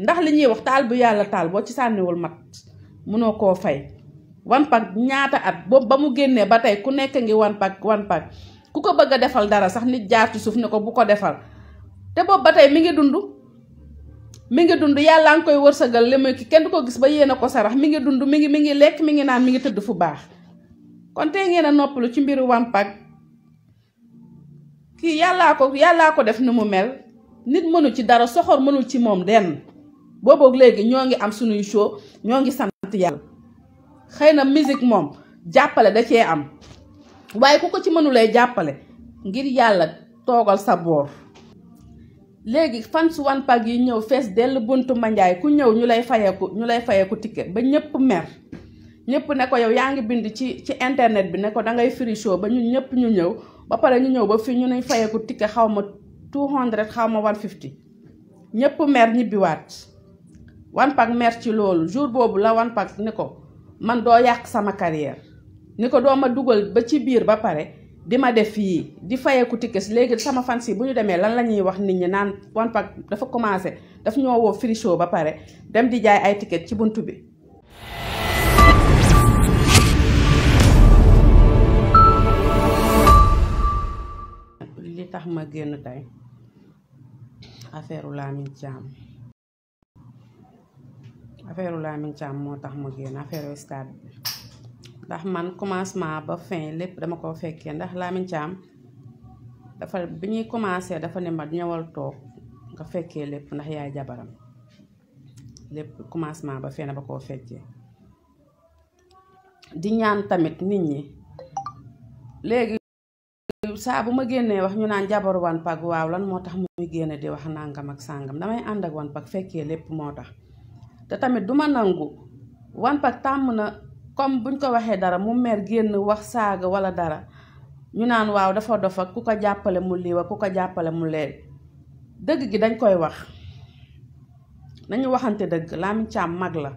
ndax li ñi wax taal bu yàlla taal ci sànniwul mat mëno ko fay wan pak ñaata at bo ba mu génné ba tay ku nekk ngi wan pak wan pak ku ko bëgg defal dara sax nit jaar ci suuf ne ko bu ko defal te bo ba tay mi ngi dundu mi ngi dundu yalla ngi koy wërsëgal li ki kenn du ko gis ba yéena ko sarax mi ngi dundu mi ngi mi ngi lek mi ngi naan mi ngi tëdd fu baax kon tey ngeen a noppalu ci mbiru wan pak ki yalla ko yalla ko def nu mu mel nit mënu ci dara soxor mënul ci mom den booboog léegi ñoo ngi am suñuy show ñoo ngi sant yàlla xëy na musique moom jàppale da cee am waaye ku ko ci mënulee jàppale ngir yàlla toogal sa boor léegi fans One Pac yi ñëw fees dell bunt manjaay ku ñëw ñu lay fayeeku ñu lay fayeeku ticket ba ñëpp mer ñëpp ne ko yow yaa ngi bind ci ci internet bi ne ko dangay free show ba ñu ñëpp ñu ñëw ba pare ñu ñëw ba fii ñu ne fayeku ticket xaw ma 200 xaw ma 150 ñëpp mer ñibbiwaat One Pac mer ci loolu jour boobu la One Pac ni ko man doo yàq sama carrière ni ko doo ma dugal ba ci biir ba pare di ma def yii di fayeeku tickets léegi sama fans bu ñu demee lan la ñuy wax nit ñi naan One dafa commencé daf ñoo woo free ba pare dem di jaay ay tickets ci bunt bi li tax ma génn tey affaire Lamine Thiam affaire Lamine Thiam moo motax mo génn affaire stade ndax man commencement ba fin lepp dama ko fekke ndax Lamine Thiam dafa bi commencé dafa ne ma ñewal tok nga fekke lepp ndax yaay jabaram lepp commencement ba fin ba koo fekke di ñaan tamit nit ñi légui sa bu ma génnee wax ñu naan jabar wan Pac waaw lan motax muy génne di wax nangam ak sangam damay and ak wan Pac fekke lepp motax te tamit du ma nangu One Pac tàmm na comme buñ ko waxee dara mu mer génn wax saaga wala dara ñu naan waaw dafa dofa ku ko jàppale mu liiwa ku ko jàppale mu leer dëgg gi dañ koy wax nañu waxante dëgg Lamine mag la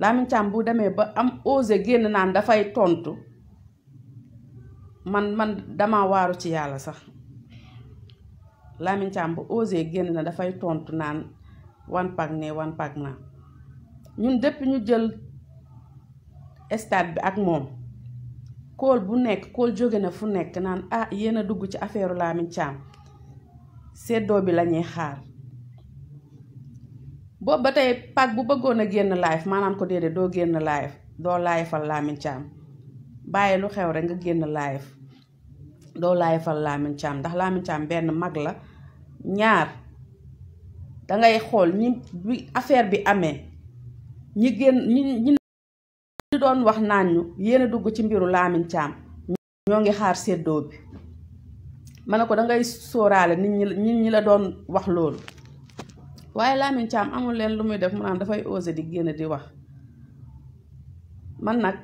Lamine bu demee ba am osé génn naan dafay tontu man man dama waaru ci yàlla sax Lamine Thiam bu osé génn na dafay tontu naan One Pac ne One Pac naa ñun depuis ñu jël stade bi ak moom kool bu nekk kool jóge na fu nekk naan ah yéen dugg ci affaire Lamine Thiam seddoo bi lañuy xaar boobu ba tey paak bu bëggoon a génn live maanaam ko déedéet doo génn live doo laayfal Lamine Thiam xew rek génn live doo laayfal Lamine Thiam ndax Lamine Thiam benn mag la ñaar dangay xool ñi bi affaire bi amee ñi génn ñi ñi doon wax naan ñu yéen a dugg ci mbiru Lamine Thiam ñoo ngi xaar séddoo bi ma ne ko dangay sóoraale nit ñi ñi la doon wax loolu waaye Lamine Thiam amul leen lu muy def mu naan dafay ose di génn di wax man nag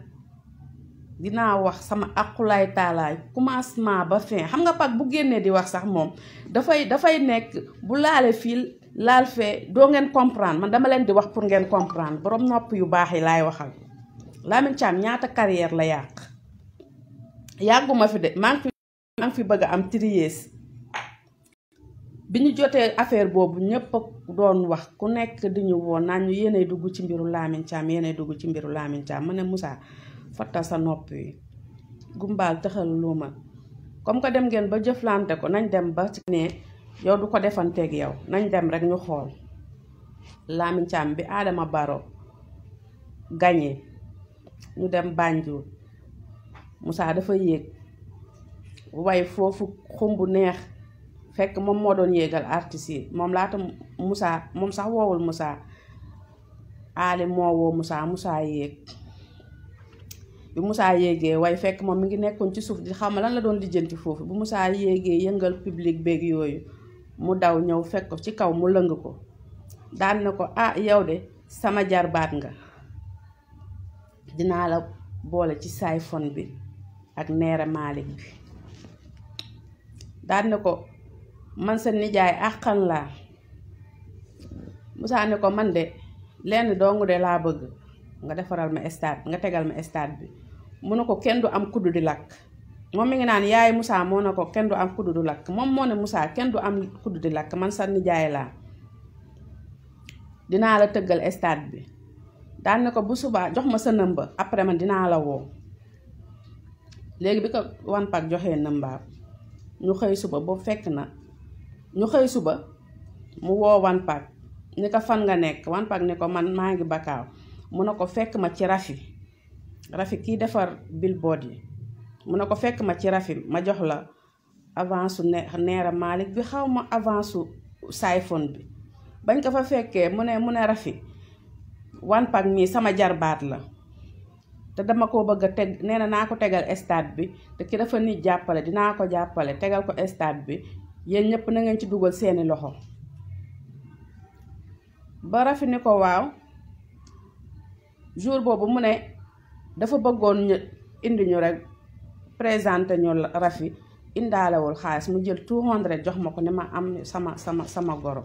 dinaa wax sama aqulaay taalaay commencement ba fin xam nga pag bu génnee di wax sax moom dafay dafay nekk bu laale fii laal fe do ngeen comprendre man dama leen di wax pour ngeen comprendre borom nopp yu baax yi lay waxal Lamine cham ñaata carrière la yàq yàgguma fi de maa fi maa fi bëgg am triees biñu joté affaire bobu ñepp doon wax ku nekk di ñu woo naan ñu yene duggu ci mbiru Lamine cham yene duggu ci mbiru Lamine cham mané Moussa fatta sa nopp yi gumbal taxal luma comme ko dem ngeen ba jëflanté ko nañ dem ba ci né yow du ko defanteeg yow nañ dem rek ñu xool Lamine Thiam bi Adama Barrow gañee ñu dem Banjul Moussa dafa yéeg way foofu xumb neex fekk moom moo doon yéegal artiste yi moom laata musaa moom sax woowul musaa Ali moo woo Moussa musaa yéeg bi Moussa yéegee way fekk moom mu ngi nekkoon ci suuf di xam lan la doon lijjanti foofu bu Moussa yéegee yëngal public beeg yooyu mu daw ñëw fekk ko ci kaw mu lëng ko daan na ko ah yow de sama jarbaat nga dinaa la boole ci sayfon bi ak neera Malick bi daan na ko man sa nijaay àqan laa Moussa ne ko man de lenn dongu de laa bëgg nga defaral ma stade nga tegal ma stade bi mu ne ko kenn du am kuddu di lakk mom mi ngi nan yaay musa moo na ko am kuddu du lakk moom moo ne am kuddu di lakk man sànni jaay la dina la teugal stade bi dan nako bu suba jox ma sa nëmba après man dina la wo legui biko wan pak joxe nëmbaam ñu xey suba bo fekk na ñu xey suba mu wo wan pak ni ka fan nga nek wan pak ne ko man maa ngi bakkaaw mu fekk ma ci rafi rafi ki defar billboard mu ne ko fekk ma ci rafim ma jox la avance su ne neera Malick bi xaw ma avance su sayfon bi bañ ko fa fekkee mu ne mu ne rafi wan pak mii sama jarbaat la te dama ko bëgg a teg nee na naa ko tegal stade bi te ki dafa nit jàppale dinaa ko jàppale tegal ko stade bi yéen ñëpp na ngeen ci dugal seeni loxo ba rafi ni ko waaw jour boobu mu ne dafa bëggoon ñu indi ñu rek présente ñol rafi indaalewul xaalis mu jël 200 jox ma ko ni ma am sama sama sama goro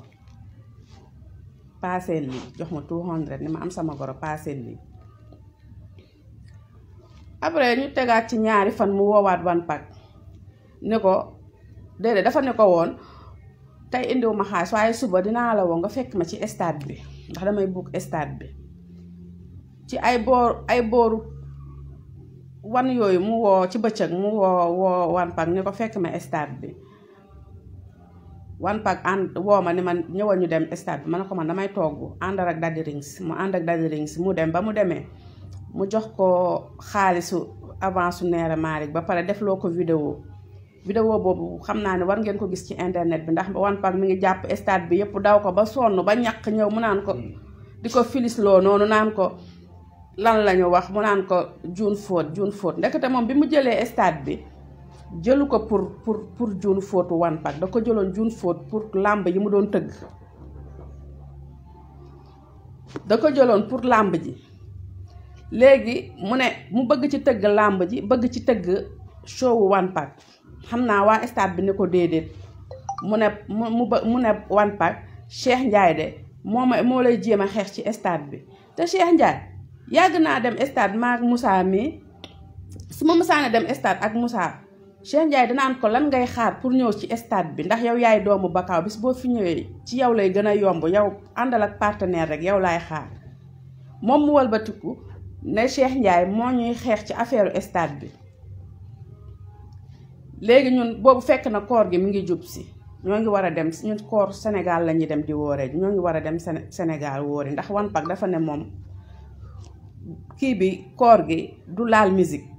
paase lii jox ma 200 ni ma am sama goro paase lii après ñu tegaat ci ñaari fan mu woowaat wan pak ni ko déedé dafa ni ko woon tey indiwu ma xaalis waaye suba dinaa la woo nga fekk ma ci stade bi ndax damay bukk stade bi ci ay boor ay booru wan yooyu mu woo ci bëccëg mu woo woo wan pak ni ko fekk ma stade bi wan pak ànd woo ma ni man ñëwal ñu dem stade bi ma ne ko man damay togg ànd ak Daddy Rings mu ànd ak Daddy Rings mu dem ba mu demee mu jox ko xaalisu avance su Néra Malick ba pare def loo ko vidéo vidéo boobu xam naa ne war ngeen ko gis ci internet bi ndax wan pak mu ngi jàpp stade bi yëpp daw ko ba sonn ba ñàkk ñëw mu naan ko mm. di ko filis noonu naan ko lan lañu wax mu naan ko juun foot juun fóot ndekete moom bi mu jëlee stade bi jëlu ko pour pour pour juun fóotu One Pac da ko jëloon june foot pour làmb yi mu doon tëgg da ko jëloon pour làmb ji léegi mu ne mu bëgg ci tëgg làmb ji bëgg ci tëgg show One Pac xam naa waa stade bi ne ko déedéet mu ne mu mu mu ne One Pac Cheikh Ndiaye de moo ma moo lay jéem a xeex ci stade bi te Cheikh Ndiaye yàgg naa dem stade maag Moussa mi su ma Moussa ne dem stade ak Moussa Cheikh Ndiaye danaan ko lan ngay xaar pour ñëw ci stade bi ndax yow yaay doomu Bakaaw bis boo fi ñëwee ci yow lay gën a yomb yow àndal ak partenaire rek yow laay xaar moom mu walbatiku ne Cheikh Ndiaye moo ñuy xeex ci affaire stade bi. léegi ñun boobu fekk na koor gi mi ngi jub si ñoo ngi war a dem ñun koor Sénégal lañuy dem di wooree ñoo ngi war a dem Sénégal woori ndax wan pak dafa ne kii bi koor gi du laal musique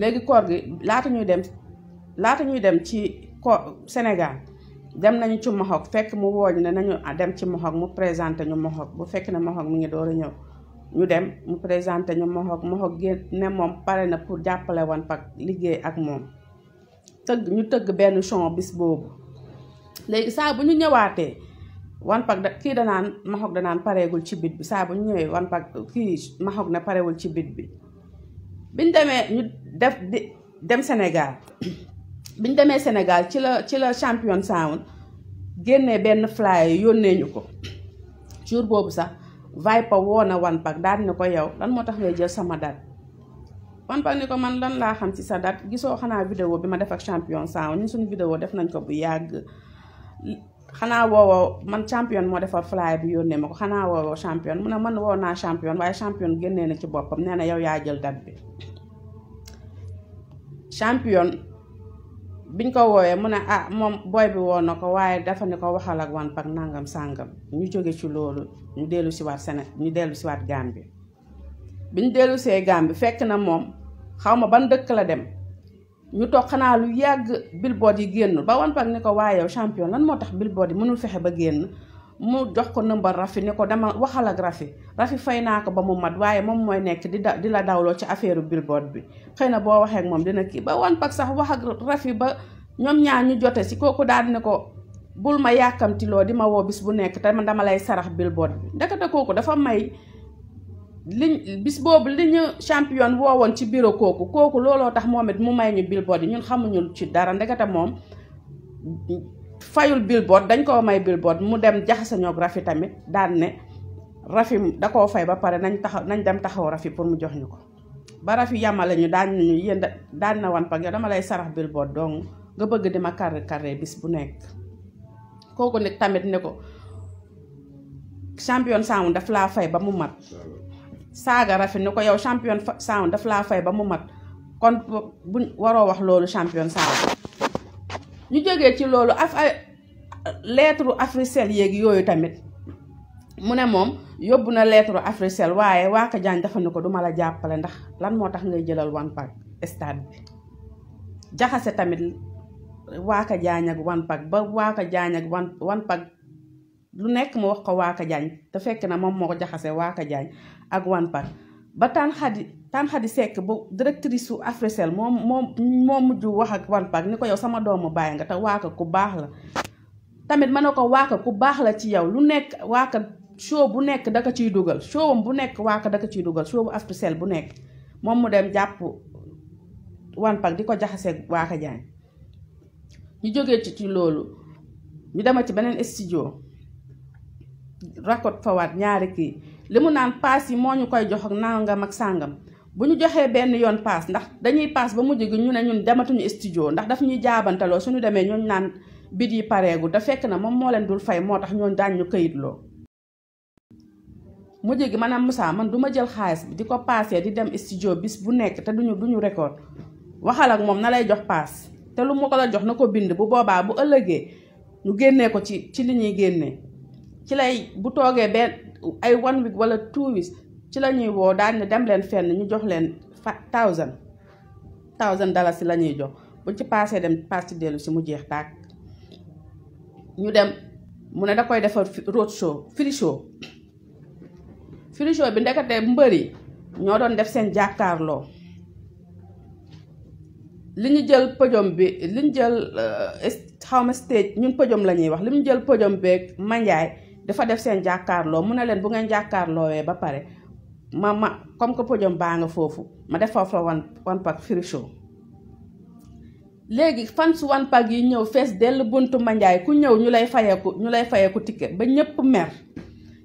léegi koor gi laata ñuy dem laata ñuy dem ci ko Sénégal dem nañu ci Maroc fekk mu wooñ ne nañu dem ci Maroc mu présenté ñu Maroc bu fekk ne Maroc mu ngi door ñëw ñu dem mu présenté ñu Maroc Maroc génn ne moom pare na pour jàppale woon pak liggéey ak moom tëgg ñu tëgg benn son bis boobu léegi saa bu ñu ñëwaatee wan da kii danaan maxoog danaan pareegul ci bit bi saa ñu ñëwee wan kii maxoog na parewul ci bit bi biñ demee ñu def di dem Sénégal biñ demee Sénégal ci la ci la champion sound génne benn flyer yónnee ñu ko jour boobu sax Viper woo na wan pak daal ne ko yow lan moo tax ngay jël sama date wan pak ni ko man lan laa xam ci sa date gisoo xanaa vidéo bi ma def ak champion sound ñun suñu vidéo def nañ ko bu yàgg xanaa woowoo man sampiyon moo defar flyer bi yónnee ma ko xanaa woowoo champion mu ne man woo naa champion waaye champion génnee na ci boppam nee na yow yaa jël date bi champion biñ ko woowee mu ne ah moom booy bi woo na ko waaye dafa ne ko waxal ak One Pac nangam sàngam ñu jóge ci loolu ñu dellu si waat Séné dellu si waat bi ñu dellu see Gambie fekk na moom xaw ma ban dëkk la dem ñu toog xanaa lu yàgg billboard yi génn ba wan pag ne ko waaye yow champion lan moo tax billboard yi mënul fexe ba génn mu jox ko nëmbar Rafi ne ko dama waxal ak Rafi Rafi fay naa ko ba mu mat waaye moom mooy nekk di da di la dawloo ci affaire billboard bi xëy na boo waxee moom dina kii ba wan sax wax ak Rafi ba ñoom ñaar ñu jote si kooku daal di ne ko bul ma yàkkamtiloo di ma woo bis bu nekk te dama lay sarax billboard bi ndekete kooku dafa may li bis boobu li ñu woo woon ci bureau kooku kooku looloo tax moom it mu may ñu billboard yi ñun xamuñu ci dara ndekete moom fayul billboard dañ koo may billboard mu dem jaxasañoog Rafi tamit daan ne Rafi da koo fay ba pare nañ taxaw nañ dem taxaw Rafi pour mu jox ñu ko ba Rafi yamale ñu daan ñu yéen daan na wan pag yow dama lay sarax billboard donc nga bëgg di ma carré carré bis bu nekk kooku nag tamit ne ko champion saamu daf laa fay ba mu mat saaga rafet ni ko yow champion sound daf laa fay ba mu mat kon buñ waroo wax loolu champion sound ñu jógee ci loolu af ay lettre Africell yéegi yooyu tamit mu ne moom yóbbu na lettre Africell waaye waaka jaan dafa ni ko duma la jàppale ndax lan moo tax ngay jëlal One Pac stade bi jaxase tamit waaka jaañ ak One Pac ba waaka jaañ ak One Pac lu nekk mu wax ko waaka jaañ te fekk na moom moo ko jaxase waaka jaañ ak wanpak ba tan xadi tan xadi sek ba directrice su mom mom moom moo wax ak wanpak ni ko yow sama doomu baye nga ta waaka ku bax la tamit manoko waaka ku bax la ci yow lu nek waaka show bu da daka ciy dugal showam bu nek waaka daka ciy dugal show bu Africell bu nek mom mu dem japp wanpak di ko jaxaseeg waaka jaay ñu joge ci ci lolu ñu dama ci benen studio rakot fawat ñaari ki li mu naan paas yi moo ñu koy jox ak nangam ak sàngam bu ñu joxee benn yoon paas ndax dañuy paas ba mujj gi ñu ne ñun dematuñu studio ndax daf ñuy jaabantaloo suñu demee ñooñu naan bit yi pareegu da fekk na moom moo leen dul fay moo tax ñooñu daañ ñu këyitloo mujj gi maanaam Moussa man du ma jël xaalis bi di ko paasee di dem studio bis bu nekk te duñu duñu record waxal ak moom na lay jox paas te lu ma ko la jox na ko bind bu boobaa bu ëllëgee ñu génnee ko ci ci li ñuy génnee ci bu toogee benn ay one week wala two weeks ci la ñuy woo daan ne dem leen fenn ñu jox leen fa thousand thousand dalasi si la ñuy jox buñ ci paasee dem paas ci dellu si mu jeex tàkk ñu dem mu ne da koy defar road show free show free show bi ndekete mbër yi ñoo doon def seen jàkkaarloo li ñu jël podium, bi li ñu jël euh, xawma stage ñun pëjom la ñuy wax li ñu jël pëjom beeg manjaay dafa def seen jàkkaarloo mu ne leen bu ngeen jàkkaarloowee ba pare ma ma comme que podium baa nga foofu ma def fa la one one pack free show léegi fan su one pack yi ñëw fees dell bunt manjaay ku ñëw ñu lay fayeeku ñu lay fayeeku ticket ba ñëpp mer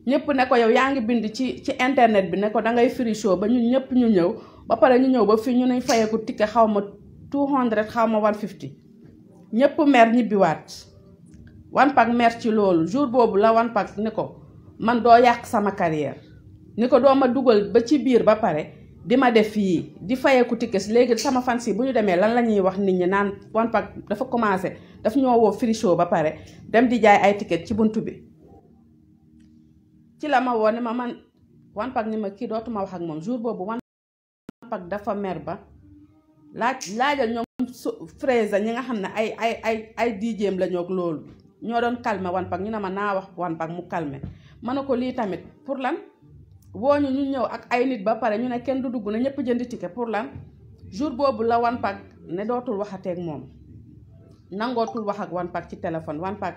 ñëpp ne ko yow yaa ngi bind ci ci internet bi ne ko da ngay free show ba ñu ñëpp ñu ñëw ba pare ñu ñëw ba fii ñu ne fayeeku tikke xaw ma 200 xaw ma 150 ñëpp mer ñibbiwaat. Wampack mer ci loolu jour boobu la Wampack ni ko man doo yàq sama carrière ni ko doo ma dugal ba ci biir ba pare di ma def fii di fayeeku tickets léegi sama fans bu ñu demee lan la ñuy wax nit ñi naan Wampack dafa commencé daf ñoo woo free ba pare dem di jaay ay tickets ci bunt bi ci la ma woo ni ma man wanpak ni ma kii dootuma wax ak moom jour boobu Wampack dafa mer ba laaj laajal ñoom a ñi nga xam ne ay ay ay ay dijeem la loolu ñoo doon calmer One ñu ne ma naa wax One Pac mu kalme ma ne ko lii tamit pour lan woo ñu ñu ñëw ak ay nit ba pare ñu ne kenn du dugg na ñëpp jënd ticket pour lan jour boobu la One Pac ne dootul waxateeg moom nangootul wax ak One Pac ci téléphone One Pac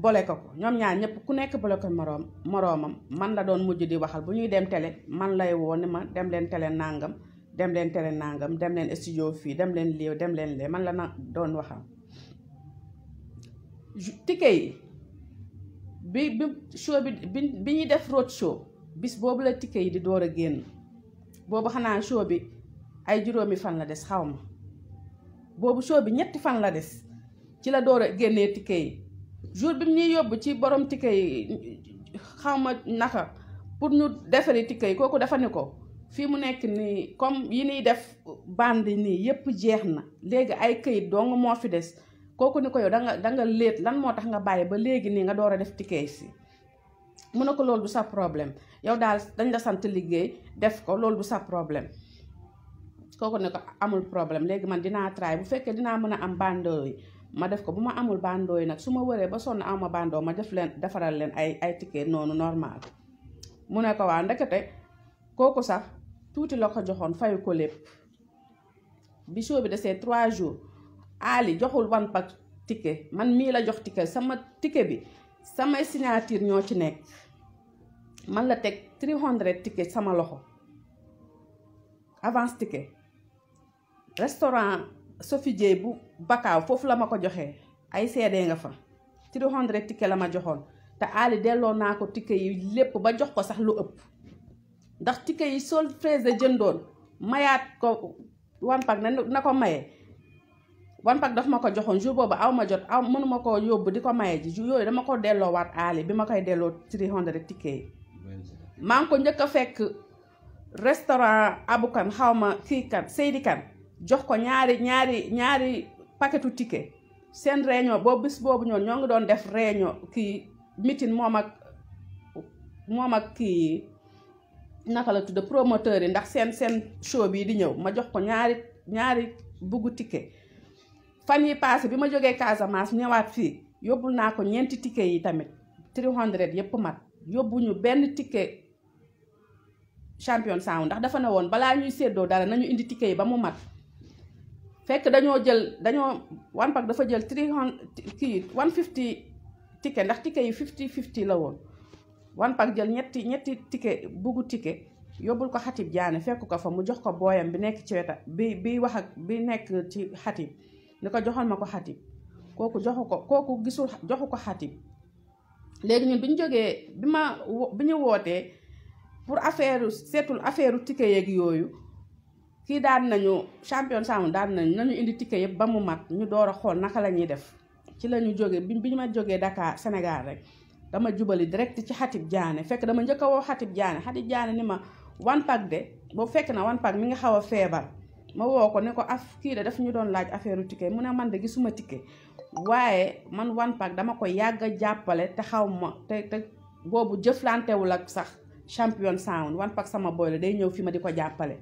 ko ko ñoom ñaar ñëpp ku nekk bole ko moroom moroomam man la doon mujj di waxal bu ñuy dem télé man lay woo ni ma dem leen télé nangam dem leen télé nangam dem leen studio fii dem leen lii dem leen man la na doon waxal ticket yi bi bi show bi bi ñuy def road show bis boobu la ticket yi di door a génn boobu xanaa show bi ay juróomi fan la des xaw ma boobu show bi ñetti fan la des ci la door a génnee ticket yi jour bi mu ñuy yóbbu ci borom ticket yi xaw ma naka pour ñu defari ticket yi kooku dafa ni ko fii mu nekk nii comme yi nuy def band nii yépp jeex na léegi ay këyit dong moo fi des kooku ni ko yow danga nga léet lan moo tax nga bàyyi ba léegi nii nga door a def ticket si mu ne ko loolu du sa problème yow daal dañ la sant liggéey def ko loolu du sa problème kooku ne ko amul problème léegi man dinaa try bu fekkee dinaa mën a am bandoo ma def ko bu ma amul bandoo yi nag su ma wëree ba sonn ama bandoo ma def leen defaral leen ay ay ticket noonu normal mu ne ko waa ndekete kooku sax tuuti la ko joxoon fayu ko lépp bi show bi desee trois jours Ali joxul One Pac man mii la jox ticket sama ticket bi samay signature ñoo ci nekk man la teg 300 ticket sama loxo avance ticket restaurant Sophie Dieye bu Bakaaw foofu la ma ko joxee ay seede nga fa 300 ticket la ma joxoon te Ali delloo naa ko ticket yi lépp ba jox ko sax lu ëpp ndax ticket yi sol fraise jëndoon mayaat ko One Pac na na ko maye wan pack daf ma ko joxoon jour boobu aw ma jot aw mënuma koo yóbbu di ko maye ji jour yooyu dama delloowaat aali bi ma koy delloo 300 ticket yi maa ngi ko njëkk a fekk restaurant abukan xaw ma kii kan Seydi kan jox ko ñaari ñaari ñaari paquetu ticket seen réunion boobu bis boobu ñoon ñoo ngi doon def réunion kii mitin moom ak moom ak kii naka la tudd promoteur yi ndax seen seen show bii di ñëw ma jox ko ñaari ñaari buggu ticket fan yi paase bi ma jógee Casamance ñëwaat fii yóbbul naa ko ñeenti tikke yi tamit 300 yëpp mat yóbbuñu benn ticket champion sound ndax dafa ne woon balaa ñuy seddoo dara nañu indi tikke yi ba mu mat fekk dañoo jël dañoo One Pac dafa jël 300 kii 150 ticket ndax tikke yi 50 50 la woon One Pac jël ñetti ñetti ticket buggu ticket yóbbul ko xatib jaane fekk ko fa mu jox ko booyam bi nekk ci weta bi bi wax ak bi nekk ci xatib ni ko joxal ma ko xatib kooku joxu ko kooku gisul joxu ko xatib léegi ñun bi ñu jógee bi ma bi ñu wootee pour affaire seetul affaire ticket yeeg yooyu kii daan nañu champion saamu daan nañu nañu indi ticket yëpp ba mu mat ñu door a xool naka la ñuy def ci lañu ñu bi bi ñu ma jógee dakaar Sénégal rek dama jubali direct ci xatib jaane fekk dama njëkk a woo xatib jaane xatib jaane ni ma one pack de boobu fekk na one pack mi nga xaw a feebar ma woo ko ne ko af kii de daf ñu doon laaj affaire ticket mu a man de gisuma ticket waaye man One Pac dama ko yàgg a jàppale te xaw ma te te boobu jëflantewul ak sax champion sound One Pac sama boy la day ñëw fi ma di ko jàppale.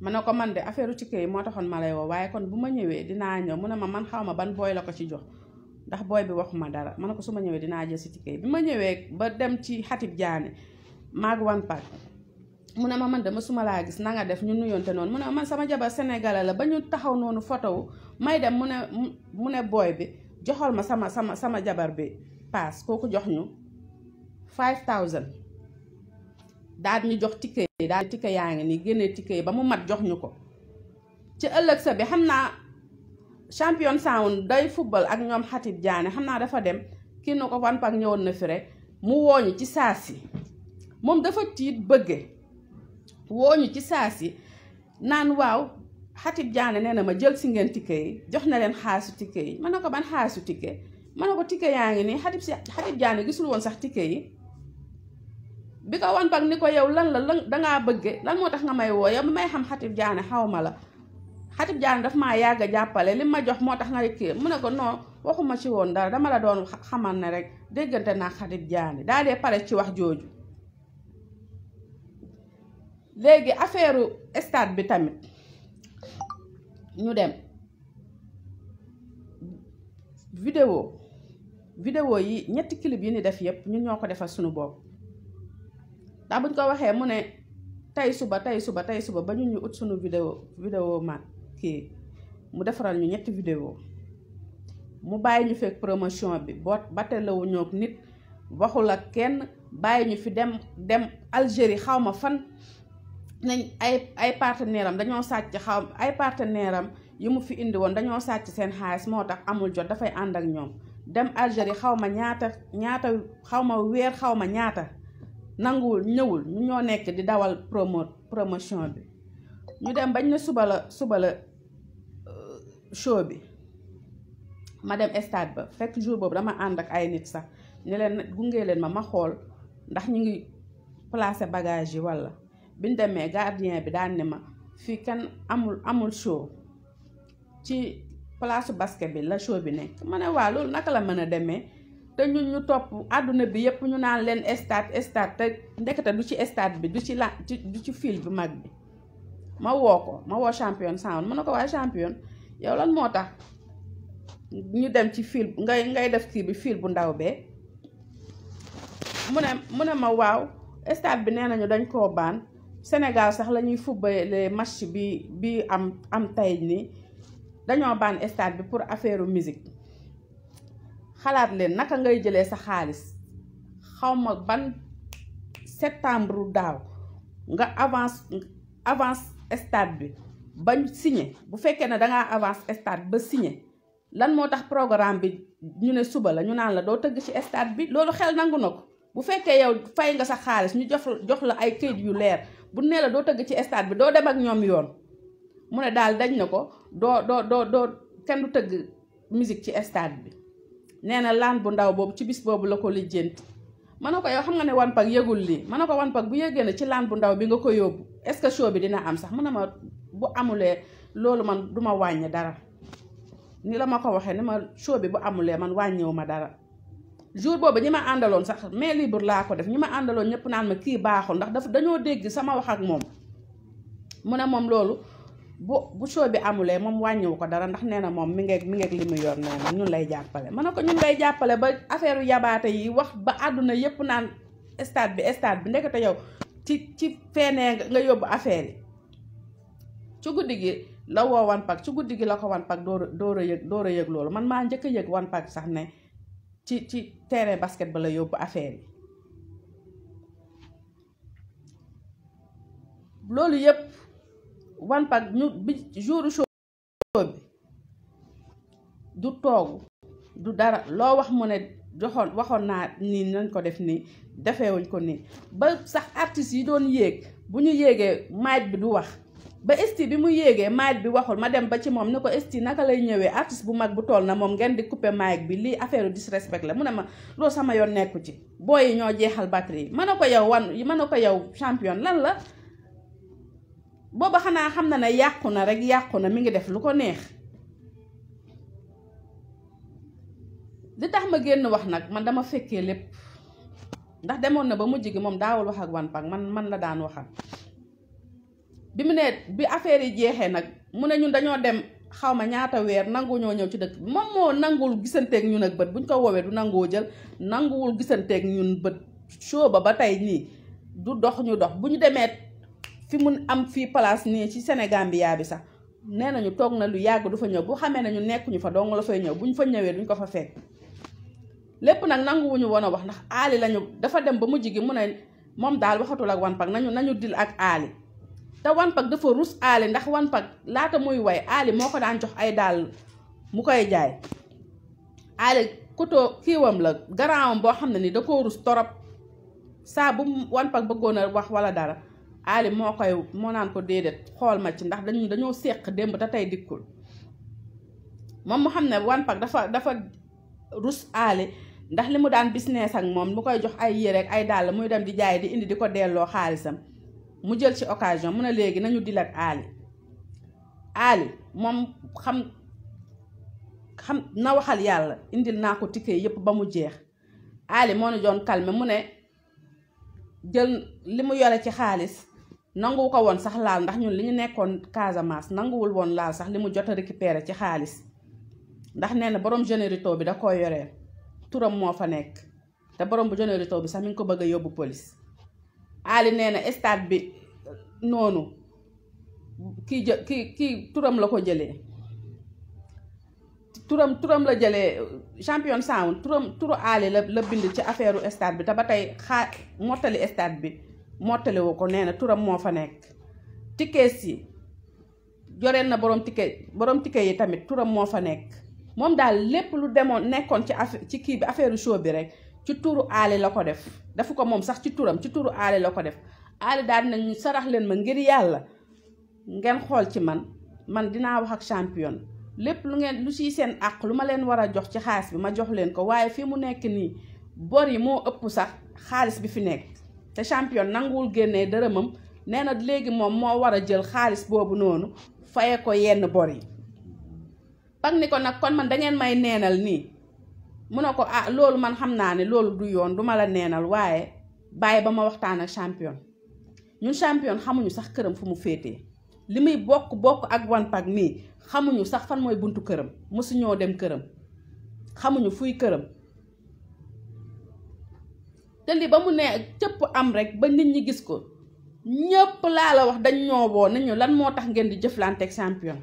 man ne ko man de affaire ticket yi moo taxoon ma lay woo waaye kon bu ma ñëwee dinaa ñëw mu ne ma man xaw ma ban boy la ko ci jox ndax booy bi waxuma dara man ne ko su ma ñëwee dinaa jël si ticket yi bi ma ñëwee ba dem ci xatib jaane maag One mu ne ma man dama suma laa gis nanga def ñu nuyoon te noonu mu ne ma man sama jabar sénégalais la ba ñu taxaw noonu photo may dem mu ne mu ne booy bi joxal ma sama sama sama jabar bi paas kooku jox ñu 5000 daal ñu jox ticket yi daal ticket yaa ngi nii génnee ticket yi ba mu mat jox ñu ko ci ëllëg sa bi xam naa champion sound day football ak ñoom xatit jaane xam naa dafa dem kii na ko wan pak ñëwoon na fi rek mu wooñu ci saa si moom dafa tiit bëgge wooñu ci saa si naan waaw xatib jaane nee na ma jël si ngeen tikke yi jox na leen xaasu tikke yi ma ne ko ban xaasu tikke ma ne ko tikke yaa ngi nii xatib si xatib jaane gisul woon sax tikke yi bi ko wan bag ni ko yow lan la lan dangaa bëgge lan moo tax nga may woo yow may xam xatib jaane xaw ma la xatib jaane daf maa yàgg a jàppale li ma jox moo tax nga kii mu ne ko noo waxuma ci woon dara dama la doon xamal ne rek déggante naa xatib jaane daa dee pare ci wax jooju léegi affaire stade bi tamit ñu dem vidéo video yi ñetti clip yi ni def yépp ñun ñoo ko defal suñu bopp ndax buñ ko waxee mu ne tey suba tey suba tey suba ba ñu ñu ut suñu video vidéo man kii mu defaral ñu ñetti vidéo mu bàyyi ñu fekk promotion bi boo batelewu ñoo nit waxul ak kenn bàyyi ñu fi dem dem Algérie xaw ma fan nañ ay ay partenaire am dañoo sàcc xaw ay partenaire am yu mu fi indi woon dañoo sàcc seen xaalis moo tax amul jot dafay ànd ak ñoom dem Algérie xaw ma ñaata ñaata xaw ma weer xaw ma ñaata nanguwul ñëwul ñu ñoo nekk di dawal promo promotion bi ñu dem bañ ne suba la suba la euh, show bi ma dem stade ba fekk jour boobu dama ànd ak ay nit sax ne leen gunge leen ma ma xool ndax ñu ngi placer bagage yi walla biñ demee gardien bi daan ne ma fii kenn amul amul show ci place basket bi la show bi nekk ma ne waa loolu naka la mën a demee te ñun ñu topp àdduna bi yëpp ñu naan leen stade stade te ndekete du ci stade bi du ci la du ci fil bu mag bi ma woo ko ma woo champion sound ma ne ko waaye champion yow lan moo tax ñu dem ci fil ngay ngay def kii bi fil bu ndaw bee mu ne mu ne ma waaw stade bi nee nañu dañ koo baan Sénégal sax lañuy ñuy footballé match bi bi am am tay ni daño ban stade bi pour affaire musique xalat len naka ngay jëlé sa xaalis xawma ban septembre daw nga avance avance stade bi bañ signé bu na da nga avance stade ba signé lan motax programme bi ñu né suba la ñu naan la do teug ci stade bi lolu xel nangunoko bu féké yow fay nga sa xaalis ñu jox jox la ay yu lèr bu nee la doo tëgg ci stade bi doo dem ak ñoom yoon mu ne daal dañ na ko doo doo doo doo kenn du tëgg musique ci stade bi nee na laan bu ndaw boobu ci bis boobu la ko lijjanti mën na ko yow xam nga ne wan Pac yëgul lii mën na ko One Pac bu yëgee na ci laan bu ndaw bi nga ko yóbbu est-ce que show bi dina am sax mu ne ma bu amulee loolu man du ma wàññi dara ni la ma ko waxee ni ma show bi bu amulee man wàññiwu ma dara jour boobu ñi ma àndaloon sax mais libre laa ko def ñi ma àndaloon ñëpp naan ma kii baaxul ndax dafa dañoo dégg sama wax ak moom mu ne moom loolu bu bu show bi amulee moom wàññiwu ko dara ndax nee na moom mi ngee mi ngee li mu yor ñun lay jàppale ma a ko ñun lay jàppale ba affaire yabaate yi wax ba àdduna yëpp naan stade bi stade bi ndekete yow ci ci feenee nga yóbbu affaire yi su guddi gi la woo One Pac ci guddi gi la ko wan Pac door door a yëg door a loolu man maa njëkk a yëg One Pac ci ci terrain basket ba la yóbbu affaire yi loolu yépp wan pak ñu bi jour show bi du toogu du dara loo wax mu ne joxoon waxoon naa nii nañ ko def nii defewuñ ko nii ba sax artistes yi doon yéeg bu ñu yéegee maaj bi du wax ba esti bi mu yéegee mic bi waxul ma dem ba ci moom ni ko esti naka lay ñëwee artiste bu mag bu tool na moom ngeen di couper mic bi lii affaire disrespect la mu ne ma loolu sama yoon nekku ci boo yi ñoo jeexal batterie ma ne ko yow wan ma ne ko yow champion lan la booba xanaa xam na ne yàqu na rek yàqu na mi ngi def lu ko neex li tax ma génn wax nag man dama fekkee lépp ndax demoon na ba mu gi moom daawul wax ak One Pac man man la daan waxal bi mu ne bi affaire yi jeexee nag mu ne ñun dañoo dem xaw ma ñaata weer nangu ñoo ñëw ci dëkk bi moom moo nanguwul gisanteeg ñun ak bët bu ñu ko woowee du nangoo jël nanguwul gisanteek ñun bët show ba ba tey nii du dox ñu dox bu ñu demee fi mun am fii place nii ci Sénégambia bi sax nee nañu toog na lu yàgg du fa ñëw bu xamee nañu nekkuñu fa dong la fay ñëw bu ñu fa ñëwee duñ ko fa fekk lépp nag nanguwuñu woon a wax ndax aali lañu dafa dem ba mujj gi mu ne moom daal waxatul ak wan pak nañu nañu dil ak aali te wanpag dafa rus aali ndax wanpag laata muy way aali moo ko daan jox ay dàll mu koy jaay aali koto kiiwam la garaawam boo xam ne ni da ko rus torop saa bu wanpag bëggoon wax wala dara aali moo koy moo naan ko déedéet xool ma ci ndax dañu dañoo séq démb te tey dikkul moom mu xam ne wanpag dafa dafa rus aali ndax li mu daan business ak moom mu koy jox ay yére ak ay dàll muy dem di jaay di indi di ko delloo xaalisam mu jël ci occasion mu ne léegi nañu dil ak Ali Ali moom xam xam na waxal yàlla indil naa ko ticket yépp ba mu jeex Ali moo ne joon calmer mu ne jël li mu yore ci xaalis nangu ko woon sax laal ndax ñun li ñu nekkoon Casamance nanguwul woon laal sax li mu jot a récupérer ci xaalis ndax nee na borom générito bi da koo yoree turam moo fa nekk te borom bu générito bi sax mi ngi ko bëgg a yóbbu police Ali nee na stade bi noonu kii jë kii kii turam la ko jëlee turam turam la jële champion sound turam turu Ali la bind ci affaire stade bi te ba tey xaa mottali stade bi mottali ko nee na turam moo fa nekk tickets yi joreen na borom ticket borom ticket yi tamit turam moo fa nekk moom daal lépp lu demoon nekkoon ci affaire kii bi affaire show bi rek ci turu aale la ko def dafa ko moom sax ci turam ci turu aale la ko def aale daal nañu sarax leen ma ngir yàlla ngeen xool ci man man dinaa wax ak champion lépp lu ngeen lu siy seen àq lu ma leen war a jox ci xaalis bi ma jox leen ko waaye fii mu nekk nii bor yi moo ëpp sax xaalis bi fi nekk te champion nanguwul génnee dërëmam nee na léegi moom moo war a jël xaalis boobu noonu faye ko yenn bor yi. pag ni ko nag kon man dangeen may neenal nii mu ne ko ah loolu man xam naa ne loolu du yoon duma la neenal waaye bàyyi ba ma waxtaan ak champion ñun champion xamuñu sax këram fu mu féetee li muy bokk bokk ak One Pac mii xamuñu sax fan mooy buntu këram mosuñoo dem këram xamuñu fuy këram te li ba mu ne cëpp am rek ba nit ñi gis ko ñëpp laa la wax dañ ñoo woo nañu lan moo tax ngeen di jëflanteeg champion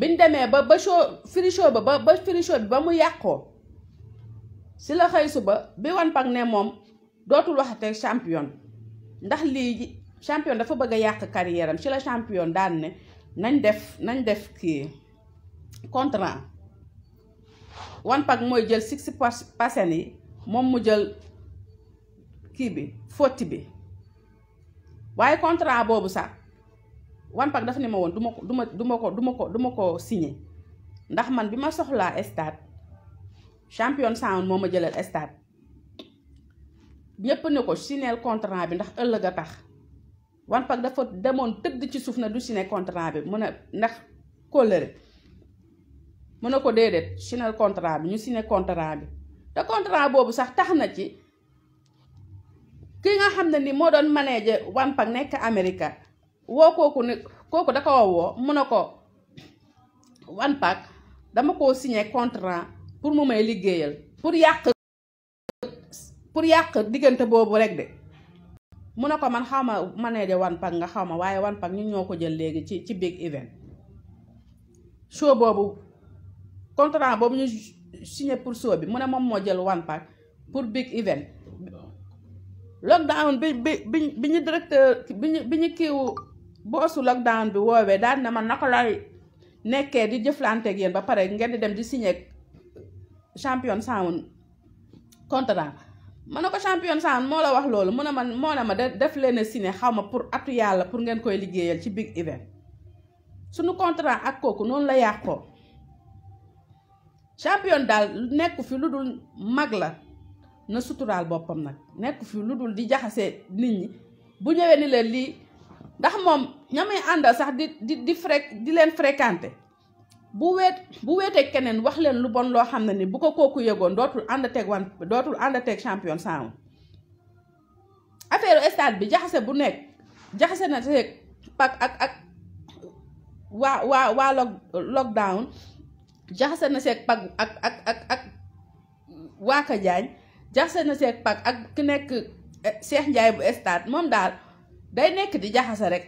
biñ demee ba ba show firi ba ba firi bi ba mu yàqoo ci la xëy suba bi wan pak ne moom dootul waxate champion ndax lii champion dafa bëgg a yàq carrière am si la champion daan ne nañ def nañ def kii contrant wan pak mooy jël six percent yi moom mu jël kii bi fotti bi waaye contrat boobu sax wan pak dafa ne ma woon duma ma ko du ma ko duma ko du ma ko ndax man bi ma soxlaa stade champion sound moo ma jëlal stade ñépp ne ko signer contrat bi ndax ëllëg a tax One Pac dafa demoon tëdd ci suuf na du signer contrat bi mu ne ndax kóllëre mu ne ko déedéet signer contrat bi ñu signer contrat bi te contrat boobu sax tax na ci ki nga xam ne ni moo doon manager One Pac nekk America woo kooku ne kooku da ko woo mu ne ko One Pac dama ko signer contrat pour mu may liggéeyal pour yàq yàq diggante boobu rek de mu ne ko man xaw ma manee de One Pac nga xaw ma waaye One Pac ñun ñoo ko jël léegi ci ci big event show boobu contrant boobu ñu signé pour show bi mu ne moom moo jël One Pac pour big event lockdown bi bi bi bi ñu directeur bi ñu bi ñu kiiwu boosu lockdown bi woowee daal na man naka lay nekkee di jëflanteeg yéen ba pare ngeen di dem di signé champion sound contrat ma na ko champion sound moo la wax loolu mu a man moo ne ma def leen si ne xaw ma pour atu yàlla pour ngeen koy liggéeyal ci big event suñu contrat ak kooku noonu la yàqoo champion daal nekku fi lu dul mag la na suturaal boppam nag nekku fi lu dul di jaxase nit ñi bu ñëwee ni leen lii ndax moom ña muy àndal sax di di di fré di leen fréquenter bu weet bu weetee keneen wax leen lu bon loo xam ne ni bu ko kooku yëgoon dootul ànd teg wan dootul ànd teg champion sound affaire stade bi jaxase bu nekk jaxase na teg pak ak ak waa waa waa log lockdown na seeg pak ak ak ak jaañ jaxase na seeg pak ak ki nekk eh, Cheikh Ndiaye bu stade moom daal day nekk di jaxase rek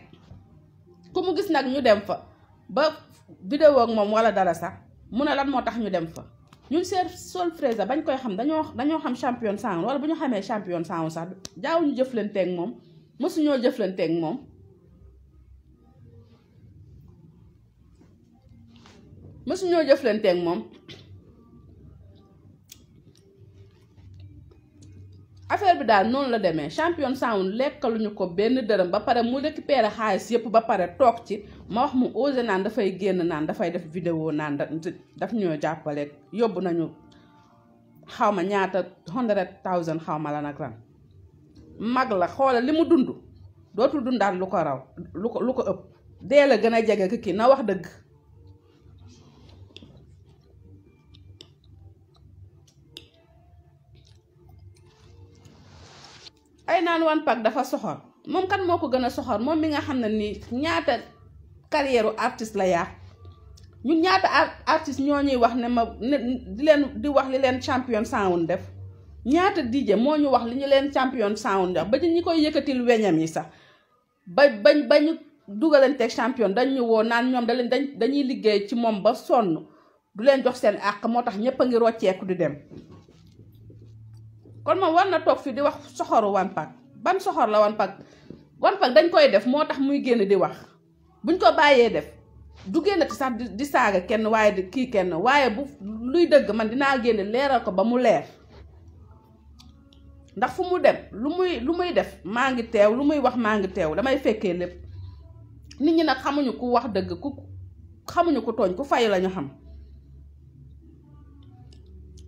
ku mu gis nag ñu dem fa vidéo ak moom wala dara sax mu ne lan moo tax ñu dem fa ñun seen Sol Fraser bañ koy xam dañoo dañoo xam champion sang wala bu ñu xamee champion sang sax jaaw ñu jëflanteeg moom mësuñoo jëflanteeg moom mësuñoo jëflanteeg moom affaire bi daal noonu la demee champion sound lekkaluñu ko benn dërëm ba pare mu récupéré xaalis yëpp ba pare toog ci ma wax mu osé naan dafay génn naan dafay def vidéo naan daf ñoo jàppale yóbbu nañu xawma ñaata hundred thousand xaw ma la nag lan mag la xoola li mu dund dootul dundaat lu ko raw lu ko lu ko ëpp dee la gën a jege ki na wax dëgg ay nan wan pak dafa soxor mom kan moko gëna soxor mom mi nga xamna ni ñaata carrière artiste la ñun ñaata artiste ñoo wax ne ma di len di wax li len champion sound def ñaata DJ moo ñu wax li ñu len champion sound def ba ñi koy yëkkatil wéñam yi sax ba bañ bañu champion dañ ñu wo nan ñom dañ dañuy liggéey ci mom ba sonu du len jox sen ak motax ñepp nga roccé ku dem kon moom war na toog fii di wax soxoru One Pac ban soxor la One Pac One Pac dañ koy def moo tax muy génn di wax buñ ko bàyyee def du génn ci sax di saaga kenn waaye di kii kenn waaye bu luy dëgg man dinaa génn leeral ko ba mu leer ndax fu mu dem lu muy lu muy def maa ngi teew lu muy wax maa ngi teew damay fekkee lépp nit ñi nag xamuñu ku wax dëgg ku xamuñu ku tooñ ku fay lañu xam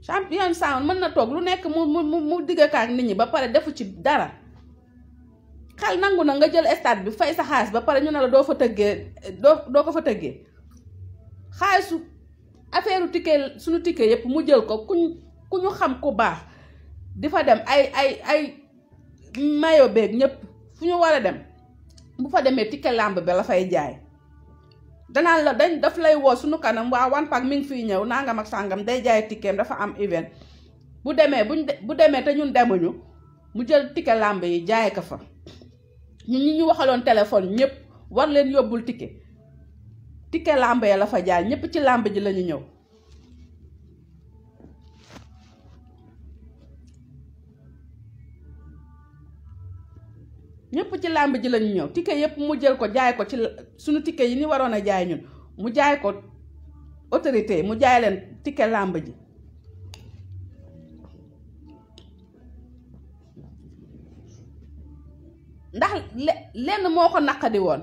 champion sound mën na tok lu nek mu mu mu diggakaak nit ñi ba paré defu ci dara xal nangu na nga jël stade bi fay sa xaas ba paré ñu na la do fa teggé do ko fa teggé xaasu affaireu ticket suñu ticket yépp mu jël ko kuñ kuñu xam ku baax difa dem ay ay ay mayo beek ñépp fuñu wara dem bu fa démé ticket lamb bi la fay jaay danaan la dañ daf lay woo suñu kanam waa One Pac mi ngi fiy ñëw nangam ak sàngam day jaay tikkeem dafa am event bu demee buñ bu demee te ñun demuñu mu jël ticket làmb yi jaay ko fa ñun ñi ñu waxaloon téléphone ñëpp war leen yóbbul ticket ticket làmb yi la fa jaay ñëpp ci làmb ji la ñu ñëw ñépp ci làmb ji lañu ñëw ticket yëpp mu jël ko jaay ko ci suñu tikke yi ni waroon a jaay ñun mu jaay ko autorité yi mu jaay leen ticket làmb ji ndax lenn moo ko naqadi woon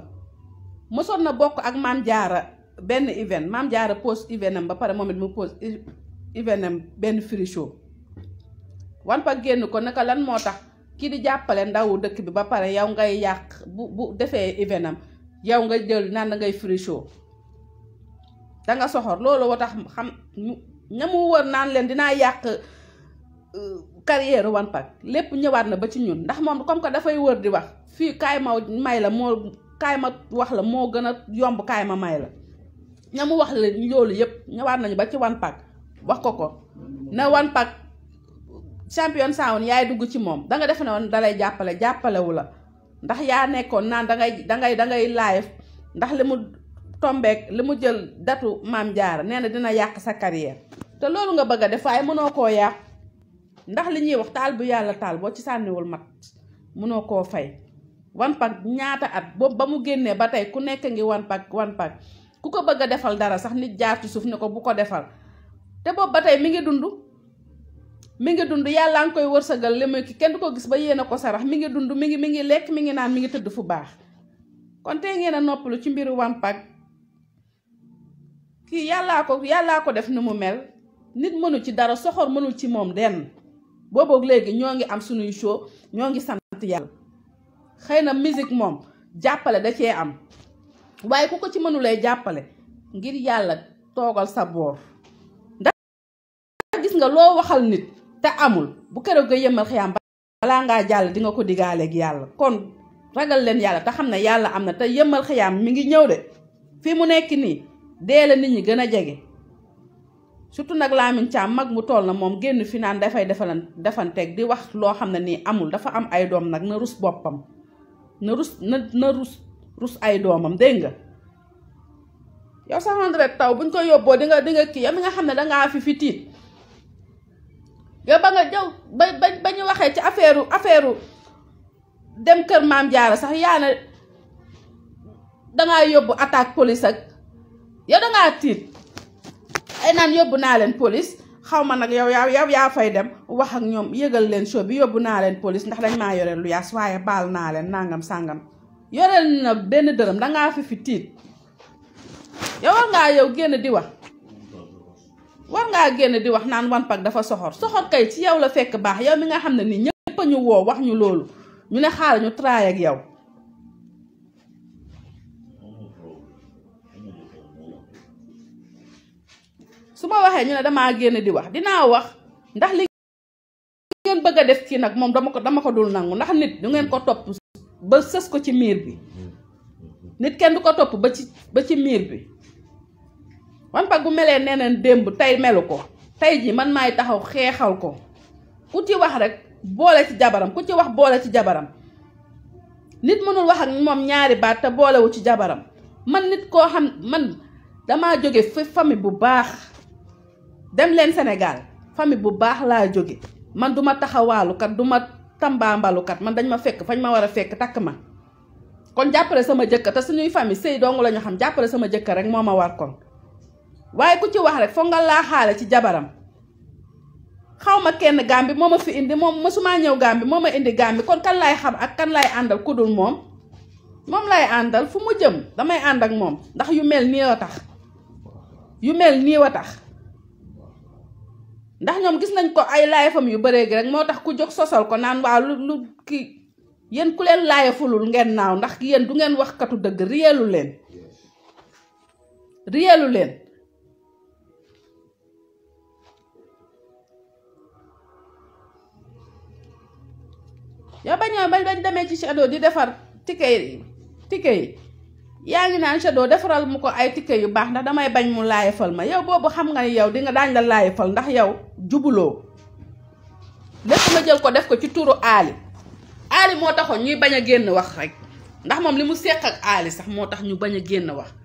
mësoon na bokk ak maam jaara benn event maam jaara pose event ba pare moom it mu pose event benn free show wan pa génn ko naka lan moo tax kii di jàppale ndawu dëkk bi ba pare yow ngay yàq bu bu defee événement yow nga jël naan da ngay frichoo da nga soxor loolu woo tax xam ña mu wër naan leen dinaa yàq euh, carrière One lépp ñëwaat na ba ci ñun ndax moom comme que dafay wër di wax fii kaay ma may la moo kaay ma wax la moo gën a yomb kaay ma may la ña mu wax la loolu yëpp ñëwaat nañu ba ci One wax ko ko na One champion sound yaay dugg ci mom da nga def ne woon dalay jappale wu la ndax da ngay da ngay da ngay live ndax limu mu tombeek jël datu maam jaar neena dina yak sa carrière te loolu nga bëgg def ay mëno ko yak ndax li ñi wax taal bu yàlla taal boo ci sànniwul mat mëno ko fay wan pak ñaata at bo ba mu génné ba tay ku nekk ngi wan pak wan pak ku ko bëgg defal dara sax nit jaar ci suuf ne ko bu ko defal te bo ba mi ngi dundu mi ngi dund yàllaa ngi koy wërsëgal li muy kenn du ko gis ba yéen a ko sarax mi ngi dund mi ngi mi ngi lekk mi ngi naan mi ngi tëdd fu baax kon tey ngeen a noppalu ci mbiru Wampag kii yàllaa ko yàllaa ko def ni mu mel nit mënu ci dara soxor mënul ci moom denn booboog léegi ñoo ngi am suñuy show ñoo ngi sant yàlla xëy na musique moom jàppale da cee am waaye ku ko ci mënulee jàppale ngir yàlla toogal sa boor ndax gis nga loo waxal nit te amul bu keroog nga yëmal xiyaam balaa ngaa jàll dinga ko digaaleeg yàlla kon ragal leen yàlla te xam ne yàlla am na te yëmal xiyaam mi ngi ñëw de fii mu nekk nii dee la nit ñi gën a jege surtout nag Lamine Thiam mag mu tool na moom génn fi naan dafay defalan defanteeg di wax loo xam ne nii amul dafa am ay doom nag na rus boppam na rus na na rus rus ay doomam dégg nga yow sa hundred taw buñ ko yóbboo di nga kii yow mi nga xam ne dangaa fi fi tiit yow ba nga jëw ba ba ñu waxee ci affaire affaire dem kër maam jaara sax yaa ne dangaa yóbbu attaque police ak yow dangaa tiit ay naan yóbbu naa leen police xaw ma nag yow yaa yow yaa fay dem wax ak ñoom yëgal leen show bi yóbbu naa leen police ndax dañ maa yoreel lu yaas waaye baal naa leen nangam sàngam yoreel na benn dërëm dangaa fi fi tiit yow war ngaa yow génn di wax war nga genn di wax nan wan pak dafa soxor soxor kay ci yow la fekk bax yow mi nga xamne ni ñepp ñu wo wax ñu loolu ñu ne xaar ñu traay ak yow suma waxe ñu ne dama genn di wax dina wax ndax li ngeen bëgg def ci nak mom dama ko dama ko dul nangu ndax nit du ngeen ko top ba sës ko ci miir bi nit kenn du ko topp ba ci ba ci miir bi wan pa gu melee neneen démb tey melu ko tey ji man maay taxaw xeexal ko ku ci wax rek boole ci jabaram ku ci wax boole ci jabaram nit mënul wax ak moom ñaari baat te boolewu ci jabaram man nit koo xam man damaa jóge fi famille bu baax dem leen Sénégal famille bu baax laa jóge man duma taxawaalukat duma tambaambalukat man dañ ma fekk fañ ma war a fekk takk ma kon jàppale sama jëkkër te suñuy famille sëy dong la ñu xam jàppale sama jëkkër rek moo ma war kon waaye ku ci wax rek foog nga laaxaale ci jabaram xaw ma kenn Gàmbi moo ma fi indi moom mësumaa ñëw Gàmbi moo ma indi Gàmbi kon kan laay xam ak kan laay àndal ku dul moom moom laay àndal fu mu jëm damay ànd ak moom ndax yu mel nii wa tax yu mel nii wa tax ndax ñoom gis nañ ko ay laayafam yu bëree gi rek moo tax ku jox sosal ko naan waa lu lu ki yéen ku leen laayafulul ngeen naaw ndax yéen du ngeen wax katu dëgg riyeelu leen riyeelu leen yow bañoo ba dañ demee ci Shadow di defar ticket yi ticket yi yaa ngi naan Shadow defaral mu ko ay ticket yu baax ndax damay bañ mu laayefal ma yow boobu xam nga ne yow di nga daañ la laayefal ndax yow jubuloo lépp nga jël ko def ko ci turu aali aali moo taxoon ñuy bañ a génn wax rek ndax moom li mu seq ak aali sax moo tax ñu bañ a génn wax